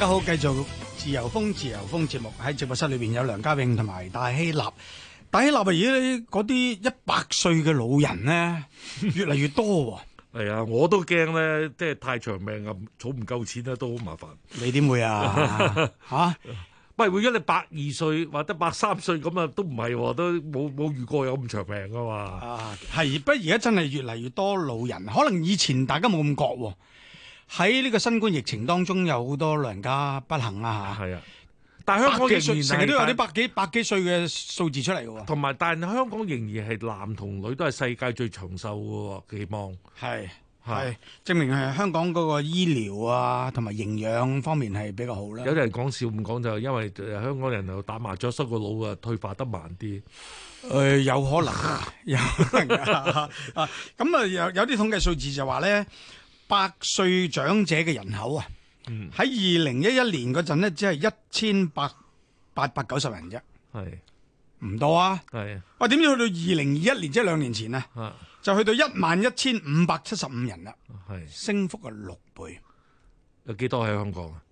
大家好，繼續自由風自由風節目，喺節目室裏邊有梁家穎同埋戴希立，戴希立啊，而家啲一百歲嘅老人咧 越嚟越多喎，哦。係啊，我都驚咧，即係太長命，不夠不、啊、長命啊，儲唔夠錢咧都好麻煩。你點會啊？吓，唔係如果你百二歲或者百三歲咁啊，都唔係都冇冇遇過有咁長命噶嘛？啊，係不過而家真係越嚟越多老人，可能以前大家冇咁覺得，哦。喺呢個新冠疫情當中，有好多老人家不幸啊吓，係啊，但係香港仍然成日都有啲百幾百幾歲嘅數字出嚟嘅喎，同埋但係香港仍然係男同女都係世界最長壽嘅期望，係係證明係香港嗰個醫療啊同埋營養方面係比較好啦，啊。有啲人講笑唔講就因為香港人又打麻雀，塞個腦啊，退化得慢啲，誒，有可能，有可能啊，咁啊有啊 啊有啲統計數字就話咧。百歲長者嘅人口啊，喺二零一一年嗰陣呢，只係一千八百九十人啫，係唔是多啊。喂是，點知去到二零二一年，即、就、係、是、兩年前呢、啊，是就去到一萬一千五百七十五人啦，係是升幅嘅六倍，有幾多喺香港、啊？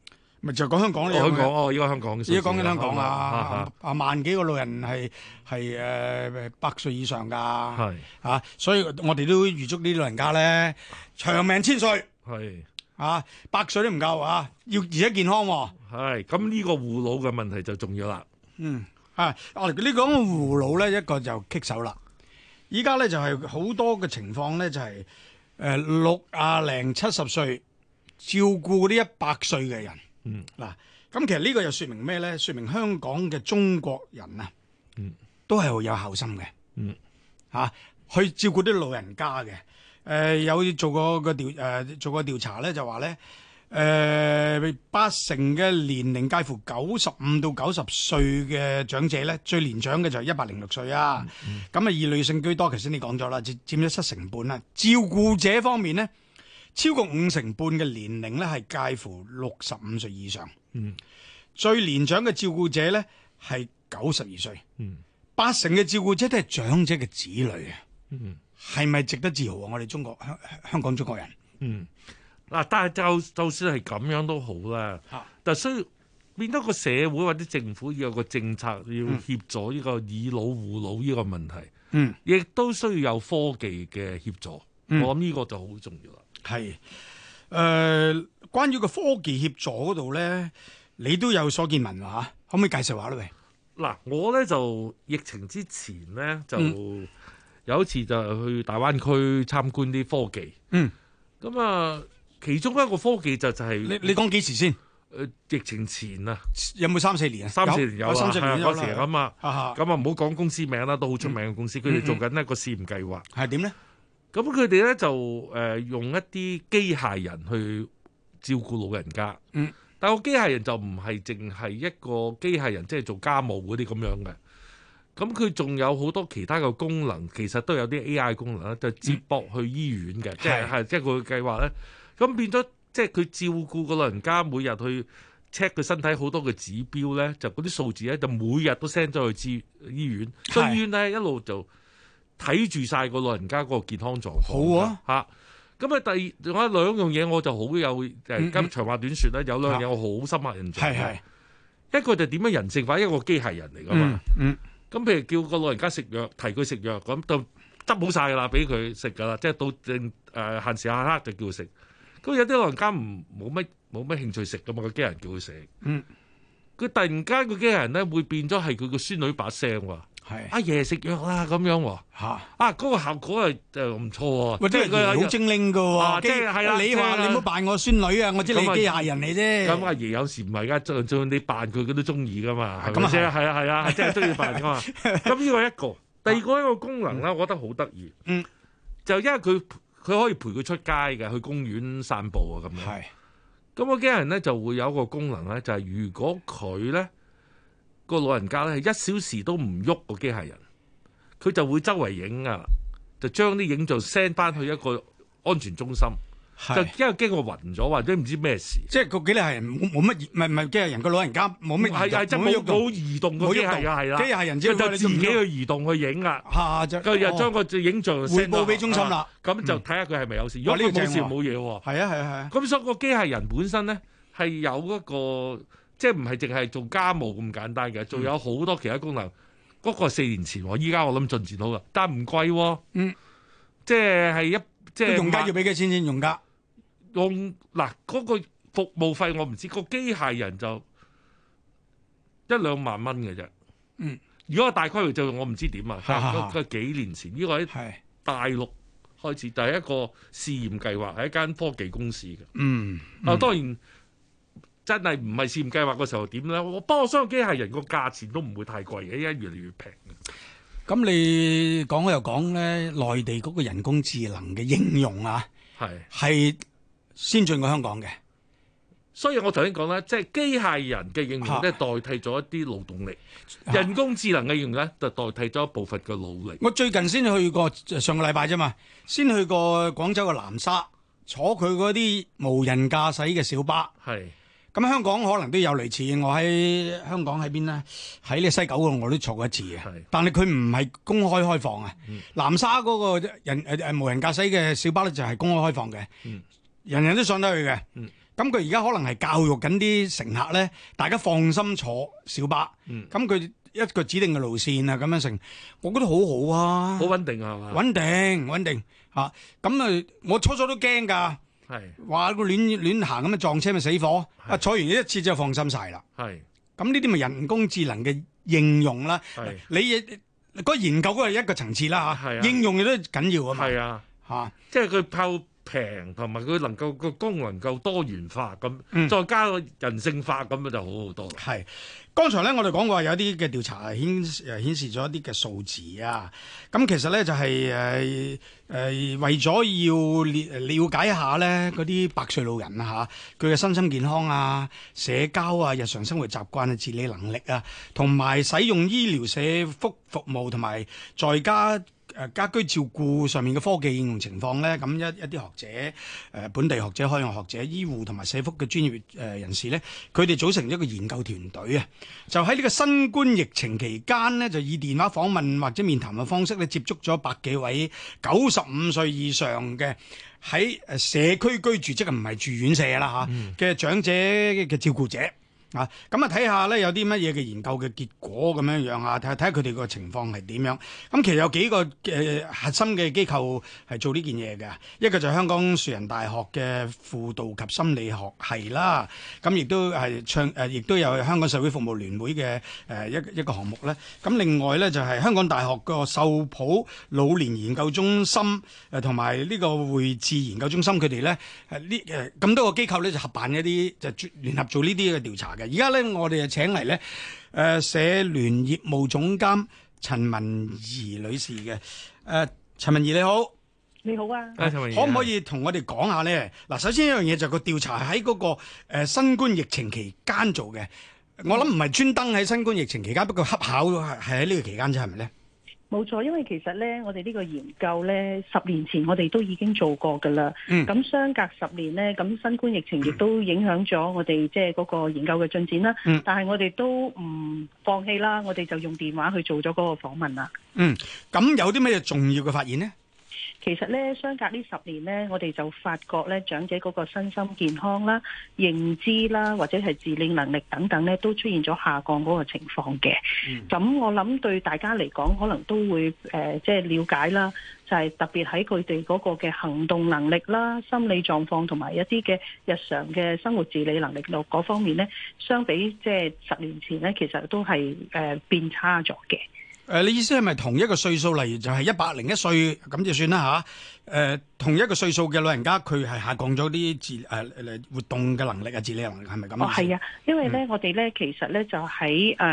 咪就講香港咯，依家香港，依家講緊香港啦啊，萬幾個老人係係誒百歲以上噶吓是、啊，所以我哋都預祝呢啲老人家咧長命千歲係是啊，百歲都唔夠啊，要而家健康係咁呢個護老嘅問題就重要啦。嗯啊，我哋呢講護老咧，一個就棘手啦。依家咧就係好多嘅情況咧、就是，就係誒六啊零七十歲照顧啲一百歲嘅人。嗯，嗱，咁其實呢個又說明咩咧？說明香港嘅中國人啊，嗯，都係好有孝心嘅，嗯，吓、啊、去照顧啲老人家嘅。誒、呃，有做過個調，誒、呃，做過調查咧，就話咧，誒、呃，八成嘅年齡介乎九十五到九十歲嘅長者咧，最年長嘅就係一百零六歲啊。咁啊、嗯，以女性居多，頭先你講咗啦，佔佔咗七成半啦。照顧者方面咧。超過五成半嘅年齡咧，係介乎六十五歲以上。嗯，最年長嘅照顧者咧，係九十二歲。嗯，八成嘅照顧者都係長者嘅子女啊。嗯，係咪值得自豪啊？我哋中國香香港中國人。嗯，嗱，但係就就算係咁樣都好啦。啊，但係需要變多個社會或者政府要有個政策、嗯、要協助呢個以老護老呢個問題。嗯，亦都需要有科技嘅協助。嗯、我諗呢個就好重要啦。係誒，關於個科技協助嗰度咧，你都有所見聞吓，可唔可以介紹下咧？喂，嗱，我咧就疫情之前咧，就有一次就去大灣區參觀啲科技。嗯，咁啊，其中一個科技就就係你你講幾時先？誒，疫情前啊，有冇三四年啊？三四年有啊，三四年有啊，嗰時啊，咁啊，唔好講公司名啦，都好出名嘅公司。佢哋做緊一個試驗計劃，係點咧？咁佢哋咧就誒用一啲機械人去照顧老人家。嗯，但個機械人就唔係淨係一個機械人，即係做家務嗰啲咁樣嘅。咁佢仲有好多其他嘅功能，其實都有啲 AI 功能啦，就接駁去醫院嘅，即係係即係佢嘅計劃咧。咁變咗即係佢照顧個老人家，每日去 check 佢身體好多嘅指標咧，就嗰啲數字咧就每日都 send 咗去醫醫院，所以醫院咧一路就。睇住晒個老人家嗰個健康狀況，好啊吓！咁啊，第二仲有兩樣嘢，我就好有誒，今日、嗯、長話短說咧，嗯、有兩樣嘢我好深刻印象。係係、啊、一個就點樣人性化，嗯、一個機械人嚟噶嘛。咁譬如叫個老人家食藥，提佢食藥，咁就執好晒啦，俾佢食噶啦，即係到誒、呃、限時限刻就叫佢食。咁有啲老人家唔冇乜冇乜興趣食噶嘛，個機械人叫佢食。佢、嗯、突然間、個機械人咧會變咗係佢個孫女把聲。阿爺食藥啦咁樣吓，啊嗰個效果誒，就唔錯喎，喂，真係好精靈噶喎，即係你話你冇扮我孫女啊，我知你機械人嚟啫。咁阿爺有時唔係噶，做你扮佢佢都中意噶嘛，係咪先？係啊，係啊，係真係中意扮噶嘛。咁呢個一個，第二個一個功能咧，我覺得好得意。就因為佢佢可以陪佢出街嘅，去公園散步啊咁樣。係，咁個機械人咧就會有一個功能咧，就係如果佢咧。個老人家咧，係一小時都唔喐，個機械人佢就會周圍影啊，就將啲影像 send 翻去一個安全中心，就因驚驚佢暈咗或者唔知咩事。即係個機械人，冇乜熱，唔係唔係機械人，個老人家冇咩，係係真係冇冇移動嘅，冇移動，機械人就自己去移動去影啊，就又將個影像 report 俾中心啦。咁就睇下佢係咪有事。如果呢個冇事冇嘢喎，係啊係啊係啊。咁所以個機械人本身咧係有一個。即係唔係淨係做家務咁簡單嘅，仲有好多其他功能。嗰、嗯、個是四年前，依家我諗進展好㗎，但係唔貴。嗯，即係係一即係用家要俾幾錢先用家？用嗱嗰、嗰個服務費我唔知、嗰個機械人就一兩萬蚊嘅啫。嗯，如果係大規模，就我唔知點啊。吓、嗯、佢、嗰個嗰個、幾年前呢、這個喺大陸開始第一個試驗計劃，係、嗯、一間科技公司嘅、嗯。嗯，啊當然。真係唔係試驗計劃個時候點咧？我幫我雙機械人個價錢都唔會太貴嘅，而家越嚟越平。咁你講又講咧，內地嗰個人工智能嘅應用啊，係是先進過香港嘅。所以我頭先講咧，即係機械人嘅應用咧，啊、代替咗一啲勞動力；啊、人工智能嘅應用咧，就代替咗一部分嘅勞力。我最近先去過上個禮拜啫嘛，先去過廣州嘅南沙，坐佢嗰啲無人駕駛嘅小巴。咁香港可能都有類似，我喺香港喺邊咧？喺呢西九嗰度我都坐過一次嘅，但係佢唔係公開開放啊。南沙嗰個人誒誒無人駕駛嘅小巴咧就係公開開放嘅，人人都上得去嘅。咁佢而家可能係教育緊啲乘客咧，大家放心坐小巴。咁佢一個指定嘅路線啊，咁樣成，我覺得好好啊，好穩定啊係嘛？穩定，穩定吓。咁誒，我初初都驚㗎。係話個亂亂行咁啊，撞車咪死火啊。是坐完一次就放心晒啦。係咁呢啲咪人工智能嘅應用啦。係是你個研究嘅一個層次啦吓。係啊，應用亦都緊要啊嘛。係啊，吓、啊啊、即係佢靠。平同埋佢能夠個功能夠多元化咁，再加個人性化咁啊就好好多。係、嗯，剛才咧我哋講過有啲嘅調查顯顯示咗一啲嘅數字啊。咁其實咧就係誒誒為咗要了了解一下咧嗰啲百歲老人啊，佢嘅身心健康啊、社交啊、日常生活習慣啊、自理能力啊，同埋使用醫療社福服務同埋在家。誒家居照顧上面嘅科技應用情況咧，咁一一啲學者、誒本地學者、海外學者、醫護同埋社福嘅專業誒人士咧，佢哋組成一個研究團隊啊，就喺呢個新冠疫情期間呢，就以電話訪問或者面談嘅方式咧，接觸咗百幾位九十五歲以上嘅喺誒社區居住，即係唔係住院社院舍啦嚇嘅長者嘅照顧者。啊，咁啊睇下咧，有啲乜嘢嘅研究嘅結果咁樣樣啊，睇下睇下佢哋個情況係點樣。咁其實有幾個誒、呃、核心嘅機構係做呢件嘢嘅，一個就香港樹仁大學嘅輔導及心理學系啦，咁、啊、亦都係唱誒，亦、呃、都有香港社會服務聯會嘅誒一一個項目咧。咁、啊、另外咧就係香港大學個秀圃老年研究中心誒，同埋呢個匯智研究中心，佢哋咧誒呢誒咁、啊、多個機構咧就合辦一啲就聯合做呢啲嘅調查。而家咧，我哋就請嚟咧，誒、呃、社聯業務總監陳文宜女士嘅。誒、呃，陳文宜你好，你好啊，陳文可唔可以同我哋講下咧？嗱，首先一樣嘢就個調查喺嗰、那個、呃、新冠疫情期間做嘅，我諗唔係專登喺新冠疫情期間，不過恰巧係喺呢個期間啫，係咪咧？冇錯，因為其實咧，我哋呢個研究咧，十年前我哋都已經做過噶啦。嗯，咁相隔十年咧，咁新冠疫情亦都影響咗我哋即係嗰個研究嘅進展啦。嗯，但係我哋都唔放棄啦，我哋就用電話去做咗嗰個訪問啦。嗯，咁有啲咩重要嘅發現咧？其實咧，相隔呢十年咧，我哋就發覺咧，長者嗰個身心健康啦、認知啦，或者係自理能力等等咧，都出現咗下降嗰個情況嘅。咁、嗯、我諗對大家嚟講，可能都會誒即係了解啦，就係、是、特別喺佢哋嗰個嘅行動能力啦、心理狀況同埋一啲嘅日常嘅生活自理能力度嗰方面咧，相比即係十年前咧，其實都係誒變差咗嘅。誒、呃，你意思係咪同一個歲數，例如就係一百零一歲咁就算啦吓？誒、呃，同一個歲數嘅老人家，佢係下降咗啲自誒誒、呃、活動嘅能力啊，自理能力係咪咁啊？哦，係啊，因為咧、嗯，我哋咧其實咧就喺誒誒、頭、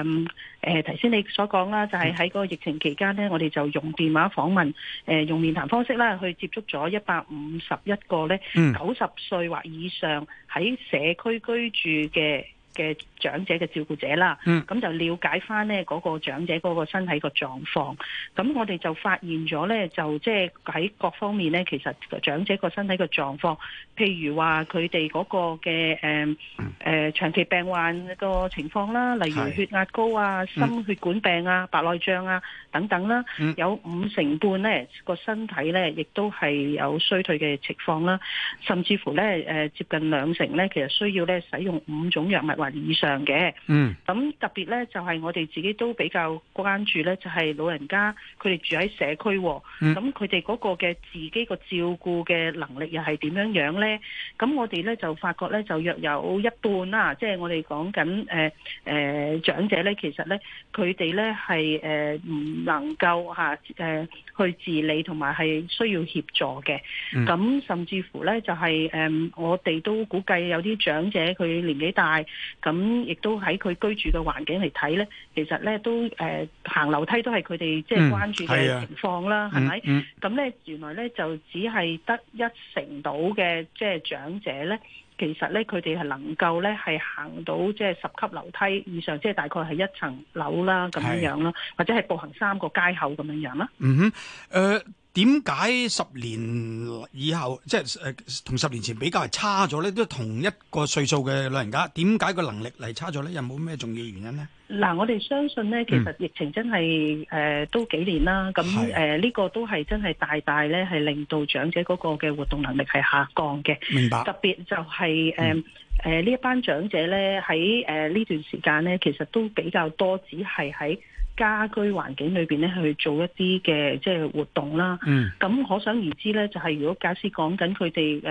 嗯、先、呃、你所講啦，就係、是、喺個疫情期間咧，我哋就用電話訪問，誒、呃、用面談方式啦，去接觸咗一百五十一個咧九十歲或以上喺社區居住嘅嘅。的長者嘅照顧者啦，咁就了解翻呢嗰個長者嗰個身體個狀況。咁我哋就發現咗呢，就即係喺各方面呢，其實長者個身體嘅狀況，譬如話佢哋嗰個嘅誒誒長期病患個情況啦，例如血壓高啊、心血管病啊、白內障啊等等啦，有五成半呢個身體呢，亦都係有衰退嘅情況啦，甚至乎呢，誒接近兩成呢，其實需要呢使用五種藥物或以上。嘅，嗯，咁特別咧就係我哋自己都比較關注咧，就係老人家佢哋住喺社區，咁佢哋嗰個嘅自己個照顧嘅能力又係點樣樣咧？咁我哋咧就發覺咧，就約有一半啦，即係我哋講緊誒誒長者咧，其實咧佢哋咧係誒唔能夠嚇誒去自理，同埋係需要協助嘅。咁甚至乎咧就係誒我哋都估計有啲長者佢年紀大，咁。亦都喺佢居住嘅環境嚟睇咧，其實咧都誒、呃、行樓梯都係佢哋即係關注嘅情況啦，係咪、嗯？咁咧原來咧就只係得一成到嘅即係長者咧，其實咧佢哋係能夠咧係行到即係十級樓梯以上，即係大概係一層樓啦咁樣樣咯，是或者係步行三個街口咁樣樣啦。嗯哼，誒、呃。點解十年以後即係誒同十年前比較係差咗咧？都同一個歲數嘅老人家，點解個能力嚟差咗咧？又有冇咩重要原因咧？嗱，我哋相信咧，其實疫情真係誒、嗯呃、都幾年啦。咁誒呢個都係真係大大咧，係令到長者嗰個嘅活動能力係下降嘅。明白。特別就係誒誒呢一班長者咧，喺誒呢段時間咧，其實都比較多，只係喺家居環境裏邊咧去做一啲嘅即係活動啦。嗯。咁可想而知咧，就係、是、如果假設講緊佢哋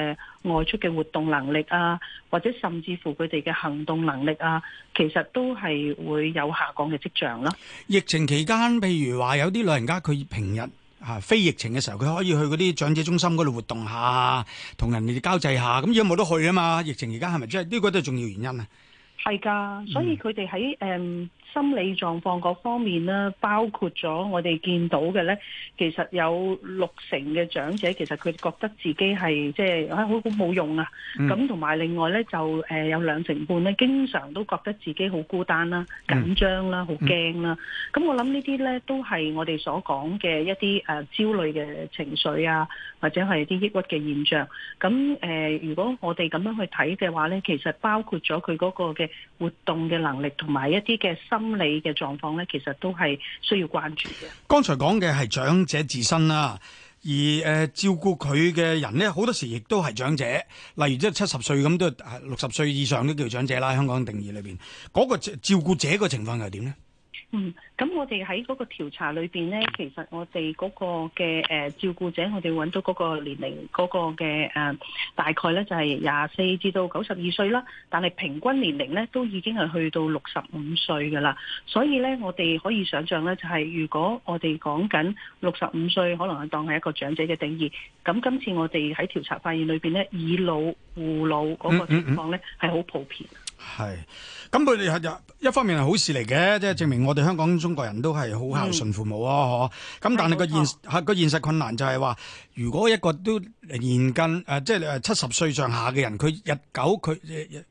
誒外出嘅活動能力啊，或者甚至乎佢哋嘅行動能力啊。其實都係會有下降嘅跡象囉。疫情期間，譬如話有啲老人家，佢平日嚇、啊、非疫情嘅時候，佢可以去嗰啲長者中心嗰度活動下，同人哋交際下。咁而家冇得去啊嘛！疫情而家係咪即係呢個都係重要原因啊？係㗎，所以佢哋喺誒。嗯心理狀況各方面咧，包括咗我哋見到嘅咧，其實有六成嘅長者其實佢覺得自己係即係好好冇用啊，咁同埋另外咧就誒、呃、有兩成半咧，經常都覺得自己好孤單啦、緊張啦、好驚啦。咁、嗯、我諗呢啲咧都係我哋所講嘅一啲誒、呃、焦慮嘅情緒啊，或者係啲抑鬱嘅現象。咁誒、呃，如果我哋咁樣去睇嘅話咧，其實包括咗佢嗰個嘅活動嘅能力同埋一啲嘅心。心理嘅狀況咧，其實都係需要關注嘅。剛才講嘅係長者自身啦，而誒照顧佢嘅人咧，好多時亦都係長者，例如即係七十歲咁都係六十歲以上都叫長者啦。香港定義裏邊嗰個照顧者嘅情況又係點咧？嗯，咁我哋喺嗰個調查裏邊呢，其實我哋嗰個嘅、呃、照顧者，我哋揾到嗰個年齡嗰個嘅、呃、大概呢，就係廿四至到九十二歲啦。但係平均年齡呢，都已經係去到六十五歲噶啦。所以呢，我哋可以想象呢，就係、是、如果我哋講緊六十五歲，可能係當係一個長者嘅定義。咁今次我哋喺調查發現裏邊呢，以老護老嗰個情況呢，係好、嗯嗯嗯、普遍。係，咁佢哋係一方面係好事嚟嘅，即係證明我哋香港中國人都係好孝順父母囉，嗬是。咁但係個現個的現實困難就係話。如果一個都年近誒、呃，即係七十歲上下嘅人，佢日久佢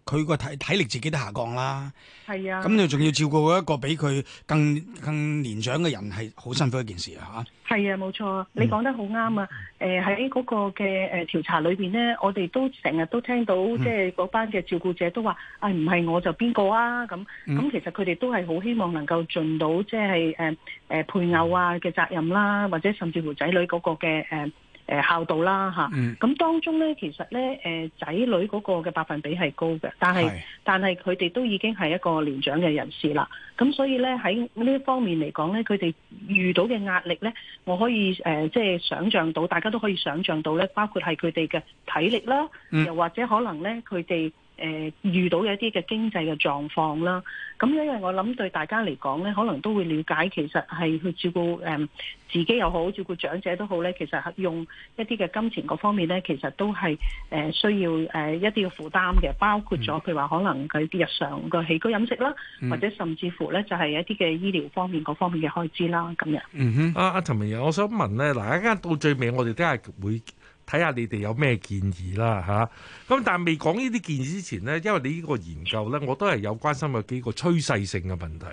佢個體體力自己都下降啦。係啊，咁你仲要照顧一個比佢更更年長嘅人，係好辛苦一件事嚇。係啊，冇、啊、錯，你講得好啱啊！誒喺嗰個嘅誒調查裏邊咧，我哋都成日都聽到，即係嗰班嘅照顧者都話：啊唔係我就邊個啊？咁咁、嗯嗯、其實佢哋都係好希望能夠盡到即係誒誒配偶啊嘅責任啦、啊，或者甚至乎仔女嗰個嘅誒。呃誒孝道啦嚇，咁當中咧其實咧誒仔女嗰個嘅百分比係高嘅，但係是但係佢哋都已經係一個年長嘅人士啦，咁所以咧喺呢一方面嚟講咧，佢哋遇到嘅壓力咧，我可以誒即係想像到，大家都可以想像到咧，包括係佢哋嘅體力啦，又或者可能咧佢哋。誒、呃、遇到一啲嘅經濟嘅狀況啦，咁因為我諗對大家嚟講咧，可能都會了解其實係去照顧誒、嗯、自己又好，照顧長者都好咧，其實用一啲嘅金錢嗰方面咧，其實都係誒、呃、需要誒、呃、一啲嘅負擔嘅，包括咗、嗯、譬如話可能佢啲日常嘅起居飲食啦，嗯、或者甚至乎咧就係一啲嘅醫療方面各方面嘅開支啦咁樣。嗯哼，阿、啊、阿陳文宜我想問咧，嗱一間到最尾，我哋都係會。睇下你哋有咩建議啦嚇，咁但係未講呢啲建議之前呢，因為你呢個研究呢，我都係有關心有幾個趨勢性嘅問題，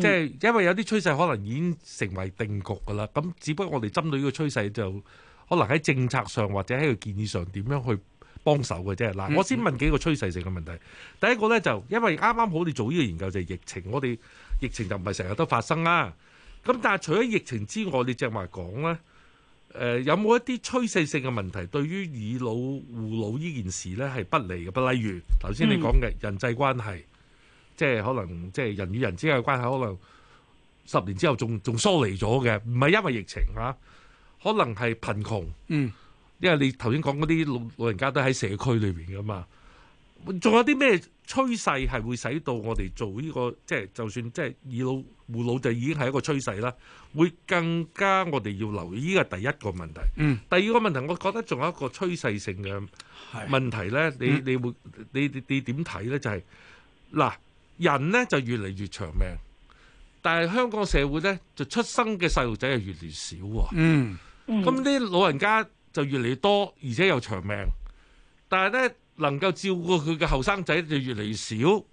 即係、嗯、因為有啲趨勢可能已經成為定局㗎啦，咁只不過我哋針對呢個趨勢就可能喺政策上或者喺個建議上點樣去幫手嘅啫。嗱，我先問幾個趨勢性嘅問題，第一個呢，就因為啱啱好你做呢個研究就係疫情，我哋疫情就唔係成日都發生啦，咁但係除咗疫情之外，你淨係話講呢。誒、呃、有冇一啲趨勢性嘅問題對於以老護老呢件事呢，係不利嘅？不，例如頭先你講嘅、嗯、人際關係，即係可能即係人與人之間嘅關係，可能十年之後仲仲疏離咗嘅，唔係因為疫情吓、啊，可能係貧窮，嗯，因為你頭先講嗰啲老老人家都喺社區裏面㗎嘛，仲有啲咩趨勢係會使到我哋做呢、呢個即係就算即係以老？護老就已經係一個趨勢啦，會更加我哋要留意。依個第一個問題，嗯、第二個問題，我覺得仲有一個趨勢性嘅問題呢是。你會、嗯、你會你你你點睇呢？就係、是、嗱，人呢就越嚟越長命，但係香港社會呢，就出生嘅細路仔就越嚟越少喎。嗯，咁啲老人家就越嚟越多，而且又長命，但係呢，能夠照顧佢嘅後生仔就越嚟越少。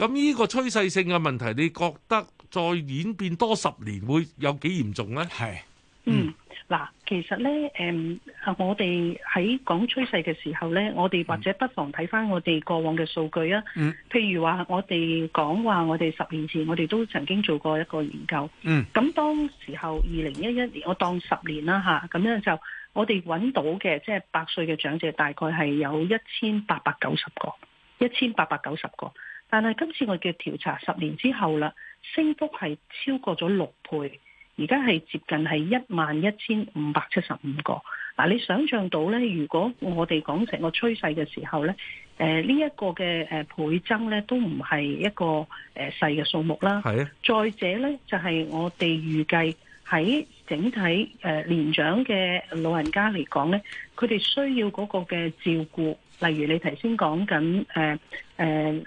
咁呢個趨勢性嘅問題，你覺得再演變多十年會有幾嚴重呢？係，嗯，嗱，其實呢，誒、嗯，我哋喺講趨勢嘅時候呢，我哋或者不妨睇翻我哋過往嘅數據啊。嗯。譬如話，我哋講話，我哋十年前我哋都曾經做過一個研究。嗯。咁當時候二零一一年，我當十年啦吓，咁樣就我哋揾到嘅即係百歲嘅長者，大概係有一千八百九十個，一千八百九十個。但係今次我嘅調查十年之後啦，升幅係超過咗六倍，而家係接近係一萬一千五百七十五個。嗱、啊，你想像到咧？如果我哋講成個趨勢嘅時候咧，誒、呃這個、呢都唔係一個嘅誒倍增咧，都唔係一個誒細嘅數目啦。係啊的。再者咧，就係、是、我哋預計喺。整體誒年長嘅老人家嚟講咧，佢哋需要嗰個嘅照顧，例如你頭先講緊誒誒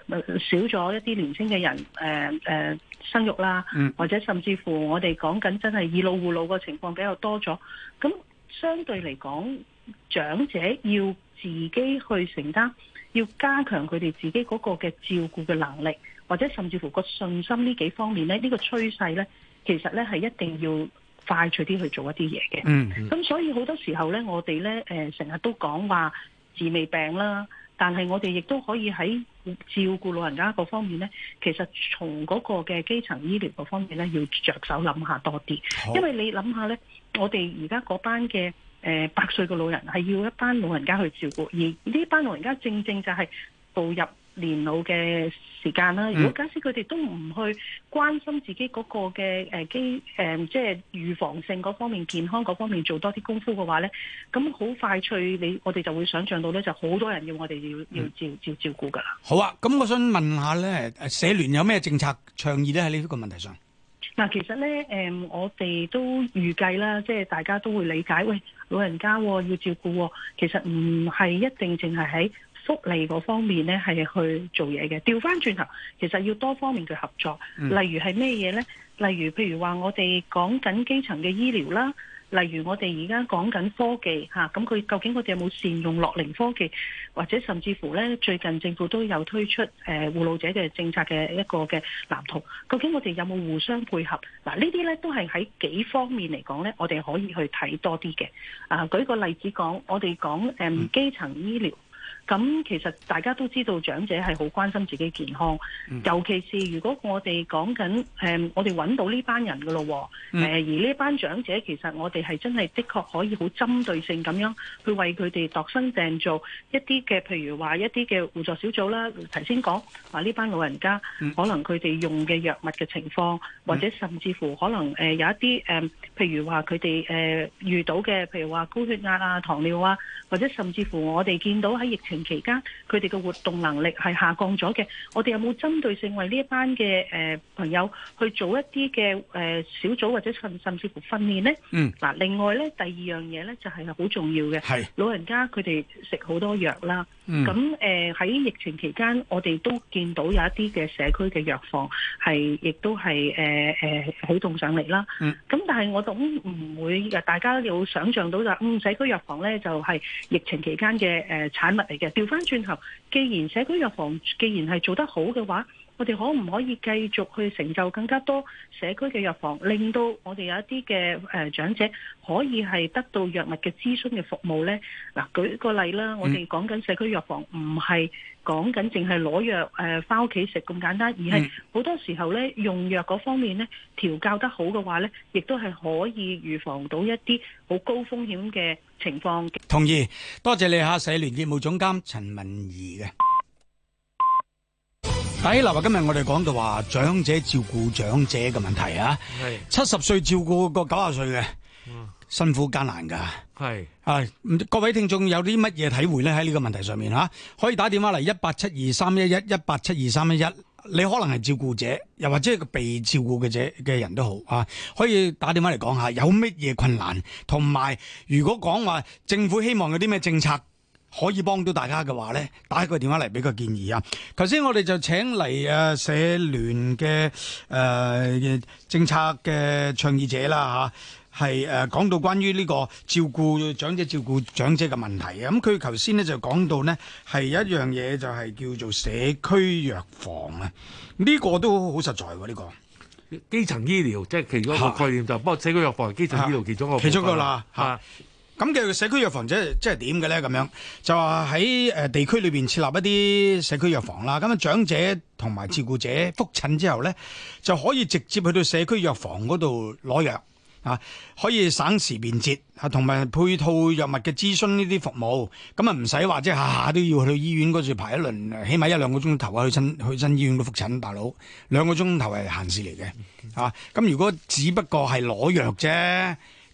少咗一啲年輕嘅人誒誒、呃呃、生育啦，或者甚至乎我哋講緊真係以老護老嘅情況比較多咗，咁相對嚟講，長者要自己去承擔，要加強佢哋自己嗰個嘅照顧嘅能力，或者甚至乎個信心呢幾方面咧，呢、呢個趨勢咧，其實咧係一定要。快脆啲去做一啲嘢嘅，咁 所以好多時候咧，我哋咧誒成日都講話治未病啦，但係我哋亦都可以喺照顧老人家嗰方面咧，其實從嗰個嘅基層醫療嗰方面咧，要着手諗下多啲，因為你諗下咧，我哋而家嗰班嘅誒百歲嘅老人係要一班老人家去照顧，而呢班老人家正正就係步入。年老嘅時間啦，嗯、如果假設佢哋都唔去關心自己嗰個嘅誒、呃、機誒、呃，即係預防性嗰方面、健康嗰方面做多啲功夫嘅話咧，咁好快脆，你我哋就會想像到咧，就好多人要我哋要、嗯、要照照照顧噶啦。好啊，咁我想問下咧，社聯有咩政策倡議咧喺呢個問題上？嗱，其實咧，誒、呃、我哋都預計啦，即係大家都會理解，喂老人家、哦、要照顧、哦，其實唔係一定淨係喺福利嗰方面咧，係去做嘢嘅。調翻轉頭，其實要多方面去合作。例如係咩嘢咧？例如，譬如話我哋講緊基層嘅醫療啦，例如我哋而家講緊科技吓，咁、啊、佢究竟我哋有冇善用樂齡科技，或者甚至乎咧，最近政府都有推出誒護、呃、老者嘅政策嘅一個嘅藍圖。究竟我哋有冇互相配合？嗱、啊，這些呢啲咧都係喺幾方面嚟講咧，我哋可以去睇多啲嘅。啊，舉個例子講，我哋講誒基層醫療。咁其實大家都知道長者係好關心自己健康，尤其是如果我哋講緊誒，我哋揾到呢班人嘅咯，誒，而呢班長者其實我哋係真係的確可以好針對性咁樣去為佢哋度身訂做一啲嘅，譬如話一啲嘅互助小組啦。頭先講話呢班老人家可能佢哋用嘅藥物嘅情況，或者甚至乎可能誒有一啲誒，譬如話佢哋誒遇到嘅，譬如話高血壓啊、糖尿啊，或者甚至乎我哋見到喺疫情。期間佢哋嘅活動能力係下降咗嘅，我哋有冇針對性為呢一班嘅誒、呃、朋友去做一啲嘅誒小組或者甚甚至乎訓練咧？嗯，嗱，另外咧，第二樣嘢咧就係、是、好重要嘅，係是 老人家佢哋食好多藥啦。咁誒喺疫情期間，我哋都見到有一啲嘅社區嘅藥房係亦都係誒誒起動上嚟啦。咁、嗯、但係我總唔會大家有想象到就係嗯、社區藥房咧就係、係、疫情期間嘅誒、呃、產物嚟嘅。調翻轉頭，既然社區藥房既然係做得好嘅話，我哋可唔可以繼續去成就更加多社區嘅藥房，令到我哋有一啲嘅誒長者可以係得到藥物嘅諮詢嘅服務呢？嗱、啊，舉個例啦，我哋講緊社區藥房唔係講緊淨係攞藥誒翻屋企食咁簡單，而係好多時候呢，用藥嗰方面咧調教得好嘅話呢，亦都係可以預防到一啲好高風險嘅情況。同意，多謝你下社聯業務總監陳文宜嘅。誒，嗱、哎，今日我哋講到話長者照顧長者嘅問題啊，七十歲照顧個九十歲嘅，辛苦艱難噶。係啊是、哎，各位聽眾有啲乜嘢體會咧？喺呢個問題上面吓，可以打電話嚟一八七二三一一，一八七二三一一，你可能係照顧者，又或者係個被照顧嘅者嘅人都好啊，可以打電話嚟講、啊、下有乜嘢困難，同埋如果講話政府希望有啲咩政策。可以幫到大家嘅話咧，打一個電話嚟俾個建議啊！頭先我哋就請嚟啊社聯嘅誒、呃、政策嘅倡議者啦嚇，係、啊、誒、啊、講到關於呢個照顧長者、照顧長者嘅問題。咁佢頭先咧就講到呢，係一樣嘢，就係叫做社區藥房啊！呢、呢個都好實在喎，呢、呢個基層醫療即係、即係、其中一個概念就，啊、不過社區藥房係基層醫療其中一個、啊、其中一個啦嚇。咁嘅社區藥房係即係點嘅咧？咁樣就話喺地區裏面設立一啲社區藥房啦。咁啊，長者同埋照顧者覆診之後咧，就可以直接去到社區藥房嗰度攞藥啊，可以省時便捷啊，同埋配套藥物嘅諮詢呢啲服務。咁啊，唔使話即係下下都要去醫院嗰度排一輪，起碼一兩個鐘頭啊，去親去親醫院度覆診，大佬兩個鐘頭係閒事嚟嘅吓。咁如果只不過係攞藥啫，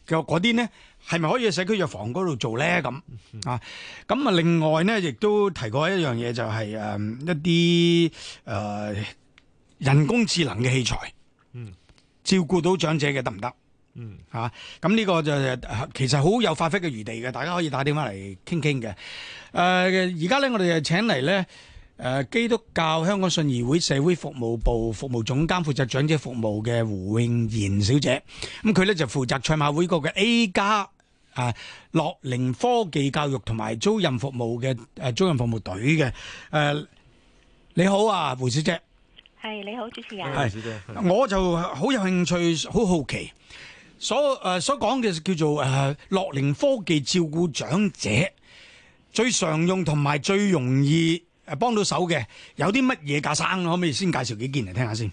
嘅嗰啲咧。係咪可以喺社區藥房嗰度做咧？咁啊，咁啊，另外咧，亦都提過一樣嘢，就係誒一啲誒人工智能嘅器材，嗯，照顧到長者嘅得唔得？嗯，嚇，咁呢個就其實好有發揮嘅餘地嘅，大家可以打電話嚟傾傾嘅。誒，而家咧，我哋就請嚟咧，誒基督教香港信義會社會服務部服務總監，負責長者服務嘅胡詠賢小姐，咁佢咧就負責賽馬會個嘅 a 家。啊！樂齡科技教育同埋租賃服務嘅誒，租賃服務隊嘅誒，你好啊，胡小姐。係，你好，主持人。係，小姐，我就好有興趣，好好奇所誒所講嘅叫做誒樂齡科技照顧長者最常用同埋最容易誒幫到手嘅有啲乜嘢架生，可唔可以先介紹幾件嚟聽下先？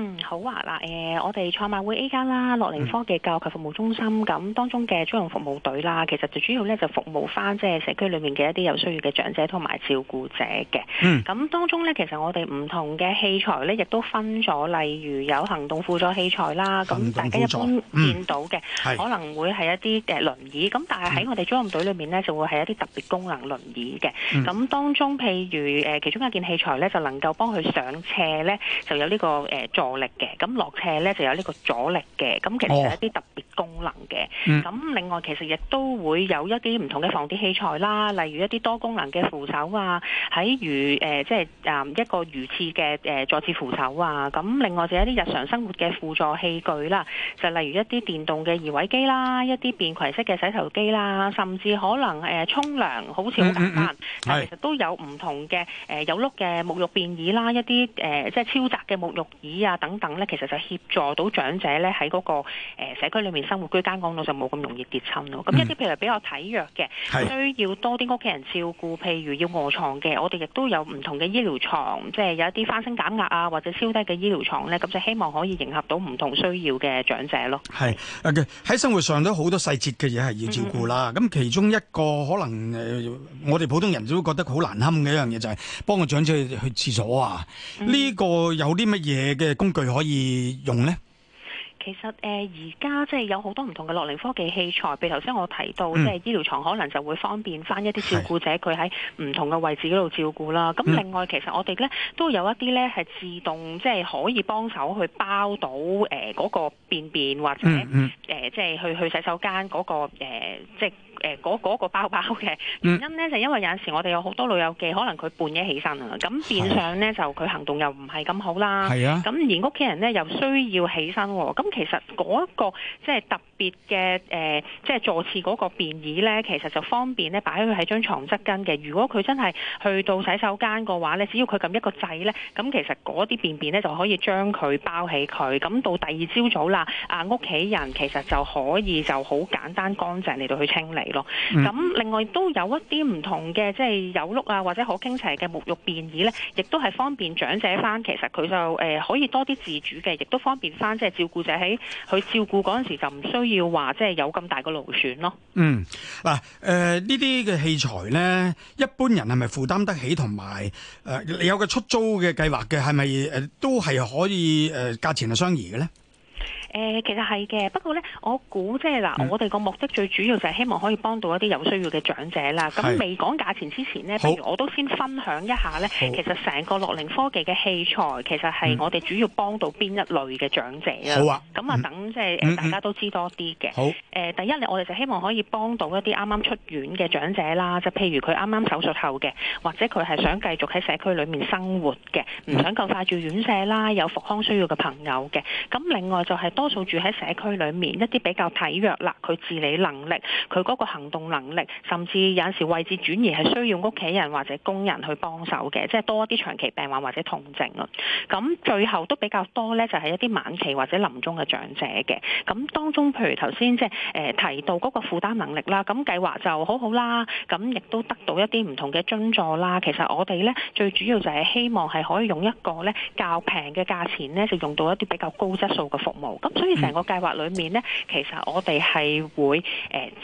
嗯，好啊，嗱，誒，我哋賽馬會 A 家啦，樂齡科技教育及服務中心咁、嗯、當中嘅租用服務隊啦，其實最主要咧就服務翻即係社區裏面嘅一啲有需要嘅長者同埋照顧者嘅。咁、嗯、當中咧，其實我哋唔同嘅器材咧，亦都分咗，例如有行動輔助器材啦，咁大家一般見到嘅、嗯、可能會係一啲嘅輪椅，咁是、呃、但係喺我哋租用隊裏面咧，就會係一啲特別功能輪椅嘅。咁、嗯、當中譬如、呃、其中一件器材咧，就能夠幫佢上斜咧，就有呢、這個、呃助力嘅，咁落斜咧就有呢個阻力嘅，咁其實係一啲特別功能嘅。咁、哦嗯、另外其實亦都會有一啲唔同嘅防跌器材啦，例如一啲多功能嘅扶手啊，喺魚誒，即、呃、係、就是嗯、一個魚翅嘅誒坐廁扶手啊。咁另外就是一啲日常生活嘅輔助器具啦，就例如一啲電動嘅移位機啦，一啲便攜式嘅洗頭機啦，甚至可能誒沖涼好似好簡單，嗯嗯嗯、但其實都有唔同嘅誒、呃、有碌嘅沐浴便椅啦、呃就是、沐浴椅啦，一啲誒即係超窄嘅沐浴椅啊。啊，等等咧，其實就協助到長者咧喺嗰個、呃、社區裏面生活，居家安老就冇咁容易跌親咯。咁、嗯、一啲譬如比較體弱嘅，是需要多啲屋企人照顧，譬如要臥床嘅，我哋亦都有唔同嘅醫療床，即、就、係、是、有一啲翻身減壓啊，或者超低嘅醫療床咧，咁就希望可以迎合到唔同需要嘅長者咯。係，喺生活上都好多細節嘅嘢係要照顧啦。咁、嗯、其中一個可能誒、呃，我哋普通人都覺得好難堪嘅一樣嘢就係幫個長者去去廁所啊。呢、嗯、個有啲乜嘢嘅工具可以用呢？其實誒，而家即係有好多唔同嘅樂齡科技器材，譬如頭先我提到，即係、嗯、醫療床，可能就會方便翻一啲照顧者是，佢喺唔同嘅位置嗰度照顧啦。咁另外，嗯、其實我哋呢都有一啲呢係自動，即、就、係、是、可以幫手去包到誒嗰個便便，或者誒即係去去洗手間嗰、那個誒、呃、即係。誒嗰嗰個包包嘅原因咧，就是、因為有陣時我哋有好多老友記，可能佢半夜起身啊，咁變相咧是、啊、就佢行動又唔係咁好啦。是啊，咁而屋企人咧又需要起身，咁其實嗰、那、一個即係、就是、特。別嘅誒，即係坐廁嗰個便椅呢，其實就方便咧擺喺佢喺張床側跟嘅。如果佢真係去到洗手間嘅話呢，只要佢撳一個掣呢，咁其實嗰啲便便呢就可以將佢包起佢。咁到第二朝早啦，啊屋企人其實就可以就好簡單乾淨嚟到去清理咯。咁、嗯、另外都有一啲唔同嘅，即係有碌啊或者好傾斜嘅沐浴便椅呢，亦都係方便長者返。其實佢就誒、呃、可以多啲自主嘅，亦都方便翻即係照顧者喺佢照顧嗰陣時就唔需。要話即係有咁大個勞損咯。嗯、嗱、呃、誒、呢啲嘅器材咧，一般人係咪負擔得起？同埋，誒、呃、你有個出租嘅計劃嘅，係咪誒都係可以誒價、呃、錢係相宜嘅咧？誒，其實係嘅，不過咧，我估即係嗱，嗯、我哋個目的最主要就係希望可以幫到一啲有需要嘅長者啦。咁未講價錢之前呢，譬好如我都先分享一下呢，好其實成個樂齡科技嘅器材其實係、嗯、我哋主要幫到邊一類嘅長者啊。好啊，咁啊、就是，等即係大家都知多啲嘅。好誒、呃，第一我哋就希望可以幫到一啲啱啱出院嘅長者啦，就係、譬如佢啱啱手術後嘅，或者佢係想繼續喺社區裏面生活嘅，唔想夠快住院舍啦，有復康需要嘅朋友嘅。咁另外就係、係多數住喺社區裏面，一啲比較體弱啦，佢自理能力、佢嗰個行動能力，甚至有陣時位置轉移係需要屋企人或者工人去幫手嘅，即係多啲長期病患或者痛症咯。咁最後都比較多呢，就係一啲晚期或者臨終嘅長者嘅。咁當中譬如頭先即係誒提到嗰個負擔能力啦，咁計劃就好好啦，咁亦都得到一啲唔同嘅津助啦。其實我哋呢，最主要就係希望係可以用一個呢較平嘅價錢呢，就用到一啲比較高質素嘅服務。嗯、所以成個計劃裏面呢，其實我哋係會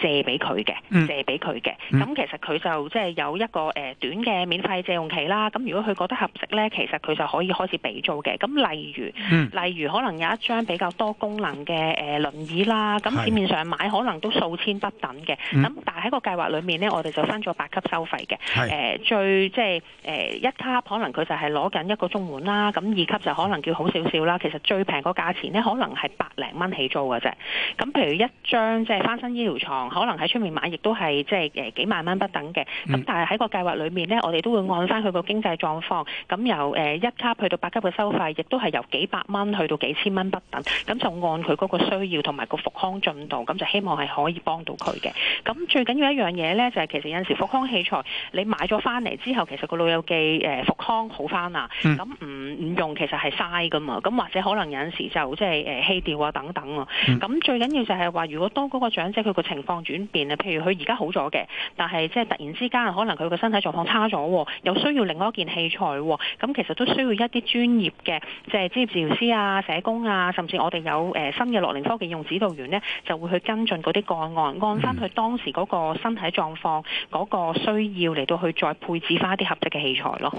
借俾佢嘅，借俾佢嘅。咁其實佢就即係有一個、呃、短嘅免費借用期啦。咁如果佢覺得合適呢，其實佢就可以開始俾租嘅。咁例如，嗯、例如可能有一張比較多功能嘅誒輪椅啦。咁市面上買可能都數千不等嘅。咁是、嗯、但係喺個計劃裏面呢，我哋就分咗八級收費嘅是、呃。最即係、就是呃、一級可能佢就係攞緊一個綜援啦。咁二級就可能叫好少少啦。其實最平個價錢呢，可能係。嗯嗯、百零蚊起租嘅啫，咁譬如一張即係翻新醫療床，可能喺出面買亦都係即係誒幾萬蚊不等嘅，咁但係喺個計劃裏面呢，我哋都會按翻佢個經濟狀況，咁、嗯嗯嗯、由誒一級去到八級嘅收費，亦都係由幾百蚊去到幾千蚊不等，咁、嗯、就按佢嗰個需要同埋個復康進度，咁、嗯、就、嗯嗯、希望係可以幫到佢嘅。咁、嗯、最緊要一樣嘢呢，就係其實有陣時復康器材你買咗翻嚟之後，其實個老友記誒復、呃、康好翻啦，咁唔唔用其實係嘥噶嘛，咁或者可能有陣時就即係誒調啊等等啊，咁、嗯、最緊要就係話，如果多嗰個長者佢個情況轉變啊，譬如佢而家好咗嘅，但係即係突然之間可能佢個身體狀況差咗，又需要另外一件器材，咁其實都需要一啲專業嘅，即係職業治療師啊、社工啊，甚至我哋有誒新嘅樂齡科技用指導員呢，就會去跟進嗰啲個案，按翻佢當時嗰個身體狀況嗰個需要嚟到去再配置翻一啲合適嘅器材咯。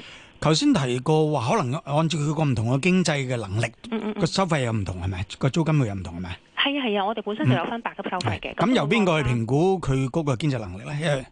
頭先提過話，可能按照佢個唔同嘅經濟嘅能力，嗯嗯嗯，個收費又唔同係咪？個租金佢又唔同係咪？係啊係啊，我哋本身就有分八級收費嘅。咁、嗯、由邊個去評估佢嗰個經濟能力呢、嗯，因為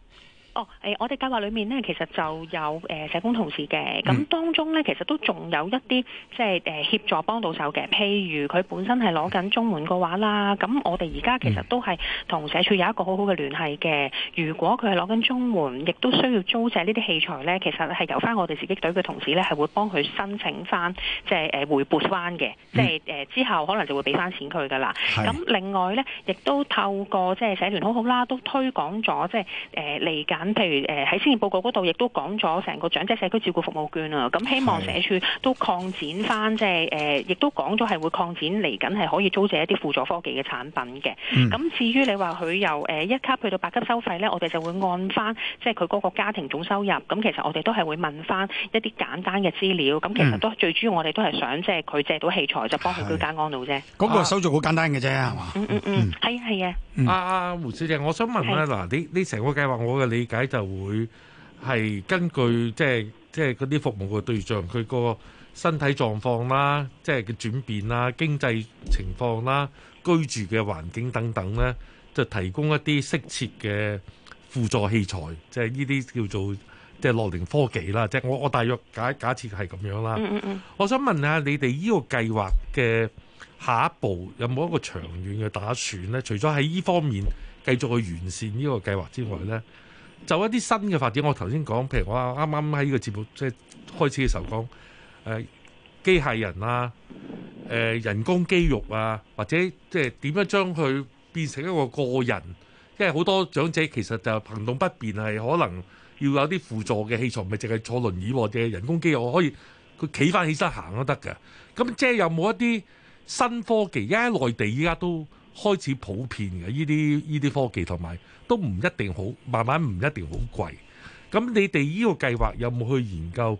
哦，欸、我哋計劃裏面咧，其實就有誒、呃、社工同事嘅，咁當中咧，其實都仲有一啲即係誒、呃、協助幫到手嘅，譬如佢本身係攞緊綜援嘅話啦，咁我哋而家其實都係同社署有一個好好嘅聯繫嘅。如果佢係攞緊綜援，亦都需要租借呢啲器材咧，其實係由翻我哋自己隊嘅同事咧係會幫佢申請翻，即係、呃、回撥翻嘅，嗯、即係、呃、之後可能就會俾翻錢佢㗎喇。咁是另外咧，亦都透過即係社聯好好啦，都推廣咗即係誒利咁譬如誒喺施政報告嗰度，亦都講咗成個長者社區照顧服務券啊。咁希望社署都擴展翻，即係誒，亦都講咗係會擴展嚟緊，係可以租借一啲輔助科技嘅產品嘅。咁、嗯、至於你話佢由誒一級去到八級收費咧，我哋就會按翻即係佢嗰個家庭總收入。咁其實我哋都係會問翻一啲簡單嘅資料。咁其實都、嗯、最主要，我哋都係想即係佢借到器材，就幫佢居家安老啫。嗰個手續好簡單嘅啫，係嘛、啊嗯？嗯嗯嗯，係啊係啊。阿阿胡小姐，我想問咧，嗱、啊，呢呢成個計劃，我嘅理解。解就會係根據即係即係嗰啲服務嘅對象，佢個身體狀況啦，即係嘅轉變啦，經濟情況啦，居住嘅環境等等咧，就提供一啲適切嘅輔助器材，即係呢啲叫做即係樂齡科技啦。即係我我大約假假設係咁樣啦。嗯嗯嗯。我想問下你哋呢個計劃嘅下一步有冇一個長遠嘅打算咧？除咗喺呢方面繼續去完善呢個計劃之外咧？就一啲新嘅發展，我頭先講，譬如我啱啱喺呢個節目即係開始嘅時候講，誒機械人啊，誒人工肌肉啊，或者即係點樣將佢變成一個個人，因為好多長者其實就行動不便，係可能要有啲輔助嘅器材，咪係淨係坐輪椅啊，或者人工肌肉可以佢企翻起身行都得㗎。咁即係有冇一啲新科技？而家內地依家都開始普遍嘅呢啲依啲科技，同埋都唔一定好，慢慢唔一定好貴。咁你哋呢個計劃有冇去研究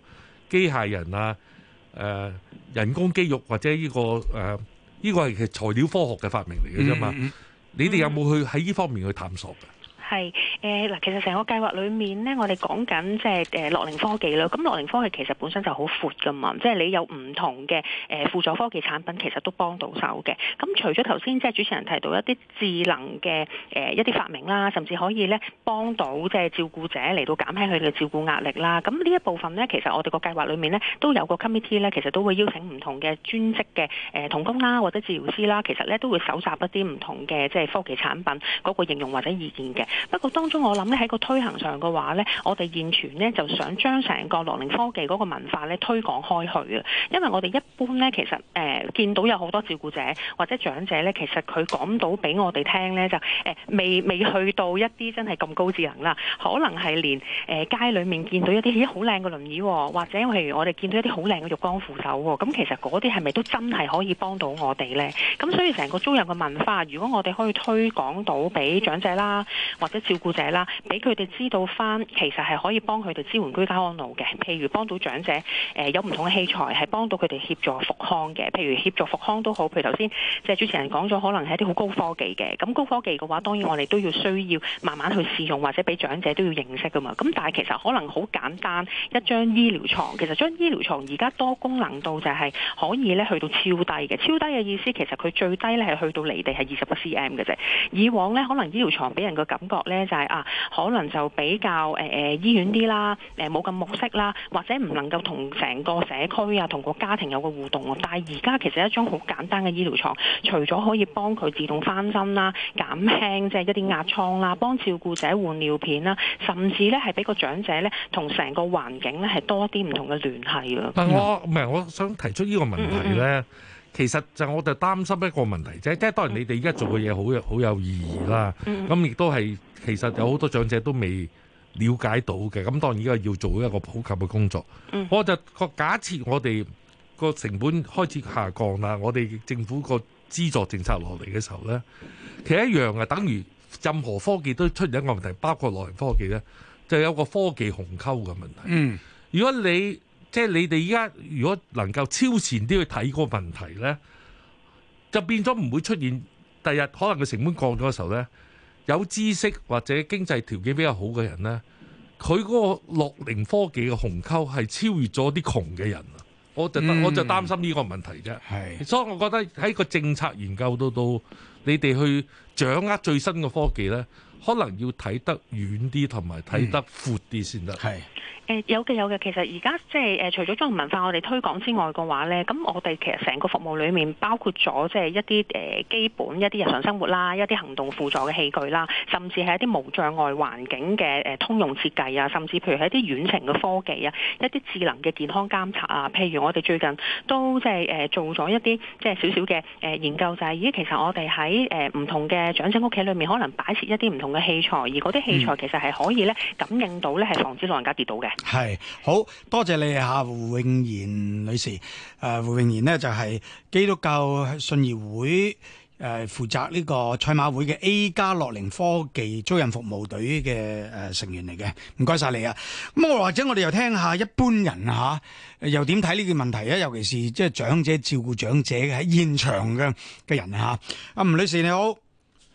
機械人啊？誒、呃，人工肌肉或者呢、呢個誒，依、呃呢個係材料科學嘅發明嚟嘅啫嘛。嗯、你哋有冇去喺呢方面去探索嘅？係誒嗱，其實成個計劃裡面咧，我哋講緊即係誒樂齡科技啦。咁樂齡科技其實本身就好闊㗎嘛，即、就、係、是、你有唔同嘅誒、呃、輔助科技產品，其實都幫到手嘅。咁除咗頭先即係主持人提到一啲智能嘅誒、呃、一啲發明啦，甚至可以咧幫到即係照顧者嚟到減輕佢哋嘅照顧壓力啦。咁呢一部分咧，其實我哋個計劃裡面咧都有個 committee 咧，其實都會邀請唔同嘅專職嘅誒、呃、同工啦或者治療師啦，其實咧都會搜集一啲唔同嘅即係科技產品嗰個應用或者意見嘅。不過當中我諗咧喺個推行上嘅話咧，我哋現存咧就想將成個樂齡科技嗰個文化咧推廣開去啊！因為我哋一般咧其實誒、呃、見到有好多照顧者或者長者咧，其實佢講到俾我哋聽咧就誒、呃、未未去到一啲真係咁高智能啦，可能係連誒、呃、街裡面見到一啲咦好靚嘅輪椅、喔，或者譬如我哋見到一啲好靚嘅浴缸扶手喎、喔，咁其實嗰啲係咪都真係可以幫到我哋咧？咁所以成個租人嘅文化，如果我哋可以推廣到俾長者啦。或者照顧者啦，俾佢哋知道翻，其實係可以幫佢哋支援居家安老嘅。譬如幫到長者，呃、有唔同嘅器材係幫到佢哋協助復康嘅。譬如協助復康都好，譬如頭先即係主持人講咗，可能係一啲好高科技嘅。咁高科技嘅話，當然我哋都要需要慢慢去試用，或者俾長者都要認識噶嘛。咁但係其實可能好簡單，一張醫療床。其實張醫療床而家多功能度就係可以咧去到超低嘅。超低嘅意思其實佢最低咧係去到離地係二十個 cm 嘅啫。以往呢，可能醫療床俾人個感覺。咧就係啊，可能就比較誒誒，醫院啲啦，誒冇咁模式啦，或者唔能夠同成個社區啊，同個家庭有個互動。但係而家其實一張好簡單嘅醫療床，除咗可以幫佢自動翻身啦，減輕即係一啲壓瘡啦，幫照顧者換尿片啦，甚至咧係俾個長者咧同成個環境咧係多一啲唔同嘅聯繫。但我唔係，我想提出呢個問題咧。其實就我就擔心一個問題，就係即係當然你哋而家做嘅嘢好有好有意義啦。咁亦都係其實有好多長者都未了解到嘅。咁當然而家要做一個普及嘅工作。我就個假設，我哋個成本開始下降啦。我哋政府個資助政策落嚟嘅時候咧，其實一樣啊，等於任何科技都出現一個問題，包括內涵科技咧，就有個科技鴻溝嘅問題。嗯，如果你即係你哋依家如果能夠超前啲去睇嗰個問題呢，就變咗唔會出現第日可能佢成本降咗嘅時候呢，有知識或者經濟條件比較好嘅人呢，佢嗰個樂齡科技嘅鴻溝係超越咗啲窮嘅人啊！我就、嗯、我就擔心呢個問題啫，是所以我覺得喺個政策研究到到你哋去掌握最新嘅科技呢。可能要睇得遠啲，嗯，同埋睇得闊啲先得。係誒、呃、有嘅有嘅。其實而家即係誒除咗中文化我哋推廣之外嘅話咧，咁我哋其實成個服務裏面包括咗即係一啲誒、呃、基本一啲日常生活啦，一啲行動輔助嘅器具啦，甚至係一啲無障礙環境嘅誒、呃、通用設計啊，甚至譬如係一啲遠程嘅科技啊，一啲智能嘅健康監察啊，譬如我哋最近都即係誒做咗一啲即係少少嘅誒研究，就是，就係咦其實我哋喺誒唔同嘅長者屋企裏面，可能擺設一啲唔同。嘅器材，而嗰啲器材其實係可以咧，感應到咧，係防止老人家跌倒嘅。係好多謝你啊，胡詠賢女士。誒，胡詠賢咧就係基督教信義會誒負責呢個賽馬會嘅 A 家樂齡科技租賃服務隊嘅誒成員嚟嘅。唔該曬你啊。咁我或者我哋又聽下一般人嚇，又點睇呢個問題啊？尤其是即係長者照顧長者嘅現場嘅嘅人嚇。阿吳女士你好。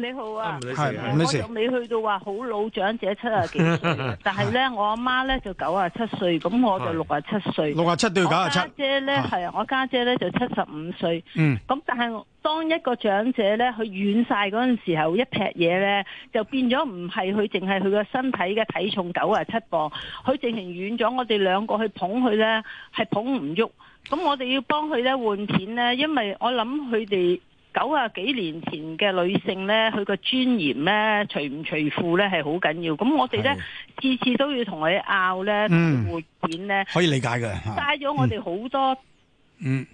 你好啊，係，我就未去到話好老長者七啊幾歲， 但係咧 我阿媽咧就九啊七歲，咁我就六啊七歲，六啊七對九啊七，家姐咧係 我家姐咧就七十五歲，嗯，咁但係當一個長者咧，佢軟晒嗰陣時候一劈嘢咧，就變咗唔係佢淨係佢個身體嘅體重九啊七磅，佢淨係軟咗，我哋兩個去捧佢咧係捧唔喐，咁我哋要幫佢咧換片咧，因為我諗佢哋。九啊幾年前嘅女性咧，佢個尊嚴咧，除唔除褲咧係好緊要。咁我哋咧次次都要同佢拗咧換片咧。可以理解嘅，嘥咗我哋好多嗯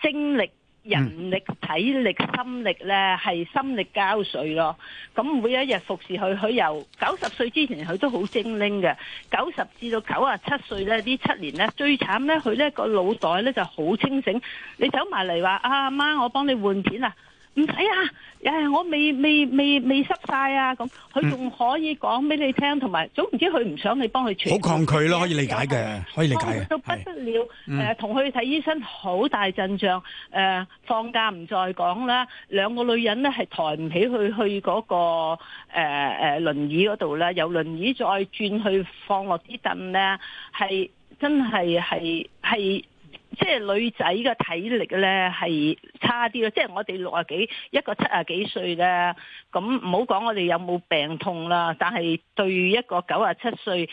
精力、人力、體力、心力咧，係心力交瘁咯。咁每一日服侍佢，佢由九十歲之前佢都好精靈嘅，九十至到九啊七歲咧，呢七年咧最慘咧，佢咧個腦袋咧就好清醒。你走埋嚟話啊，阿媽，我幫你換片啊！唔使啊！唉，我未未未未濕晒啊！咁佢仲可以講俾你聽，同埋總唔知佢唔想你幫佢傳。好抗拒咯，可以理解嘅，可以理解啊！都不得了，誒，同佢去睇醫生好大陣仗。誒，放假唔再講啦。兩個女人咧係抬唔起去去嗰個誒誒輪椅嗰度咧，由輪椅再轉去放落啲凳咧，係真係係係。即係女仔嘅體力咧係差啲咯，即係我哋六啊幾一個七啊幾歲咧，咁唔好講我哋有冇病痛啦，但係對一個九啊七歲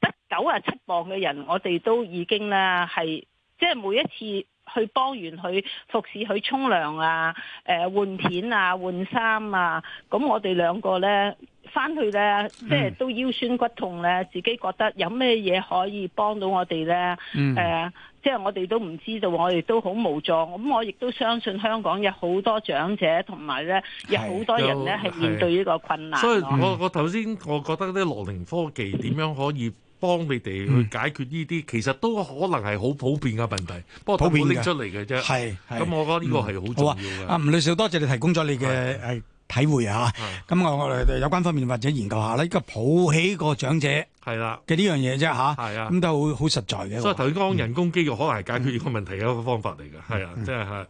得九啊七磅嘅人，我哋都已經咧係即係每一次去幫完佢服侍佢沖涼啊、呃、換片啊、換衫啊，咁我哋兩個咧，翻去咧，即係都腰酸骨痛咧，自己覺得有咩嘢可以幫到我哋咧？誒，即係我哋都唔知道，我哋都好無助。咁我亦都相信香港有好多長者同埋咧，有好多人咧係面對呢個困難。所以我我頭先我覺得咧，樂齡科技點樣可以幫你哋去解決呢啲，其實都可能係好普遍嘅問題，不過都冇拎出嚟嘅啫。係。咁我覺得呢個係好重要嘅。好啊！阿胡女士，多謝你提供咗你嘅誒。體會啊！咁是我我哋有關方面或者研究下咧，依個抱起個長者係啦嘅呢樣嘢啫嚇，咁都好好實在嘅。所以頭先講人工肌肉可能係解決呢個問題嘅一個方法嚟㗎，係啊，即係、啊。就是嗯